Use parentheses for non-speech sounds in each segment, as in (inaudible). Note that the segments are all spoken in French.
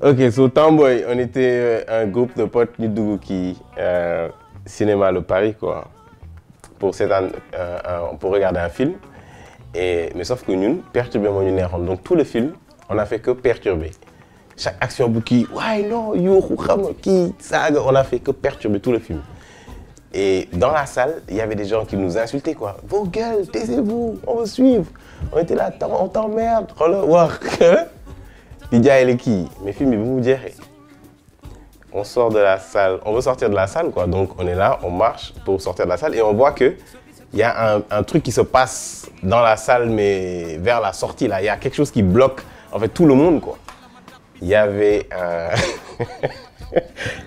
Ok, so Tamboy, on était euh, un groupe de potes qui euh, cinéma le Paris, quoi, euh, euh, pour, regarder un film. Et, mais sauf que nous, perturbé mon Donc tout le film, on a fait que perturber. Chaque action bouki, non, you, qui, on a fait que perturber tout le film. Et dans la salle, il y avait des gens qui nous insultaient, quoi. Vos gueules, taisez-vous, on vous suivre. On était là, on t'emmerde, (laughs) Lydia, et est qui, mais filles, vous vous direz, on sort de la salle on veut sortir de la salle quoi donc on est là on marche pour sortir de la salle et on voit que il y a un, truc qui se passe dans la salle mais vers la sortie là il y a quelque chose qui bloque en fait tout le monde quoi il y avait un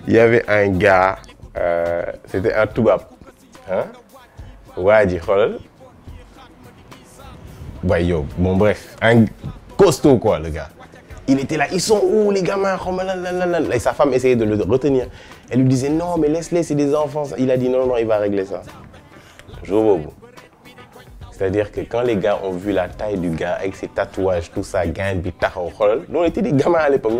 il (laughs) y avait un gars euh, c'était un toubab hein waa ji xoolal bon bref un costaud quoi le gars il était là, ils sont où les gamins oh, Et sa femme essayait de le retenir. Elle lui disait non, mais laisse-les, c'est des enfants. Il a dit non, non, il va régler ça. Je au C'est-à-dire que quand les gars ont vu la taille du gars avec ses tatouages, tout ça, gain, bitaro, nous on était des gamins à l'époque,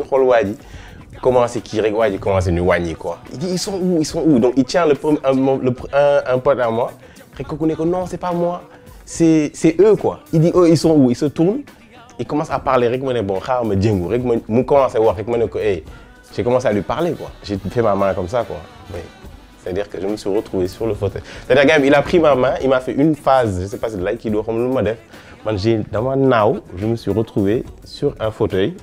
comment c'est qui comment c'est nous quoi. Il dit ils sont où, ils sont où Donc il tient le, un, un, pote à moi, il que non, c'est pas moi, c'est eux quoi. Il dit eux, ils sont où Ils se tournent, il commence à parler rek ma bon xaaral ma jéngu rek mu commencé wax rek mané ko hey j'ai commencé à lui parler quoi j'ai fait ma main comme ça quoi c'est-à-dire que je me suis retrouvé sur le fauteuil c'est-à-dire gars il a pris ma main il m'a fait une phase je sais pas si de l'aïkido xam lu ma def man j'ai dans ma naaw je me suis retrouvé sur un fauteuil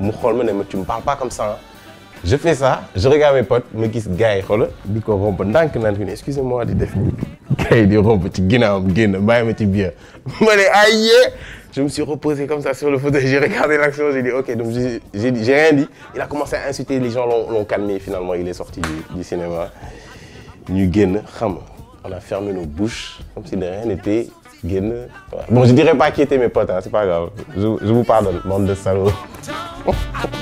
mu xool ma ne tu me parles pas comme ça hein. je fais ça je regarde mes potes me gis gars yi xoola di ko romb ndànk naan excusez-moi di def gars yi di romb ci ginnaawam génn bàyyi ma ci biir (laughs) ma ne je me suis reposé comme ça sur le fauteuil, j'ai regardé l'action, j'ai dit ok, donc j'ai rien dit. Il a commencé à insulter, les gens l'ont calmé, finalement il est sorti du, cinéma. Nous on a fermé nos bouches, comme si de rien n'était. Bon, je dirais pas qui étaient mes potes, hein, c'est pas grave. Je, je vous pardonne, bande de salauds. (laughs)